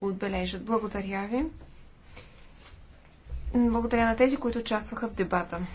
отбележат. Благодаря ви. Благодаря на тези, които участваха в дебата.